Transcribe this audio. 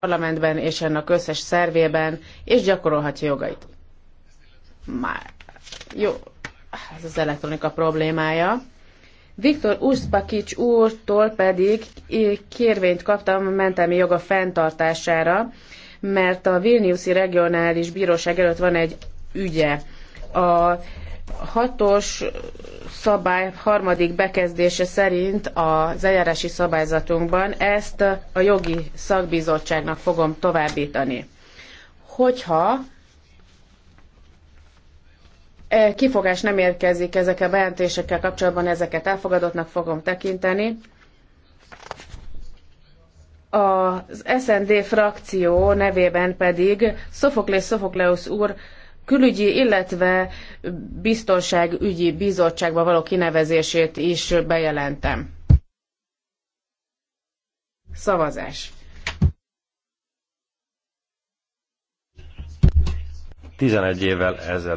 parlamentben és ennek összes szervében, és gyakorolhatja jogait. Már. Jó, ez az elektronika problémája. Viktor Uszpakics úrtól pedig kérvényt kaptam a mentelmi joga fenntartására, mert a Vilniuszi Regionális Bíróság előtt van egy ügye. A hatos szabály harmadik bekezdése szerint az eljárási szabályzatunkban ezt a jogi szakbizottságnak fogom továbbítani. Hogyha e kifogás nem érkezik ezekkel a bejelentésekkel kapcsolatban, ezeket elfogadottnak fogom tekinteni. Az SND frakció nevében pedig Sophokles Sophokleus úr külügyi, illetve biztonságügyi bizottságba való kinevezését is bejelentem. Szavazás. 11 évvel ezelőtt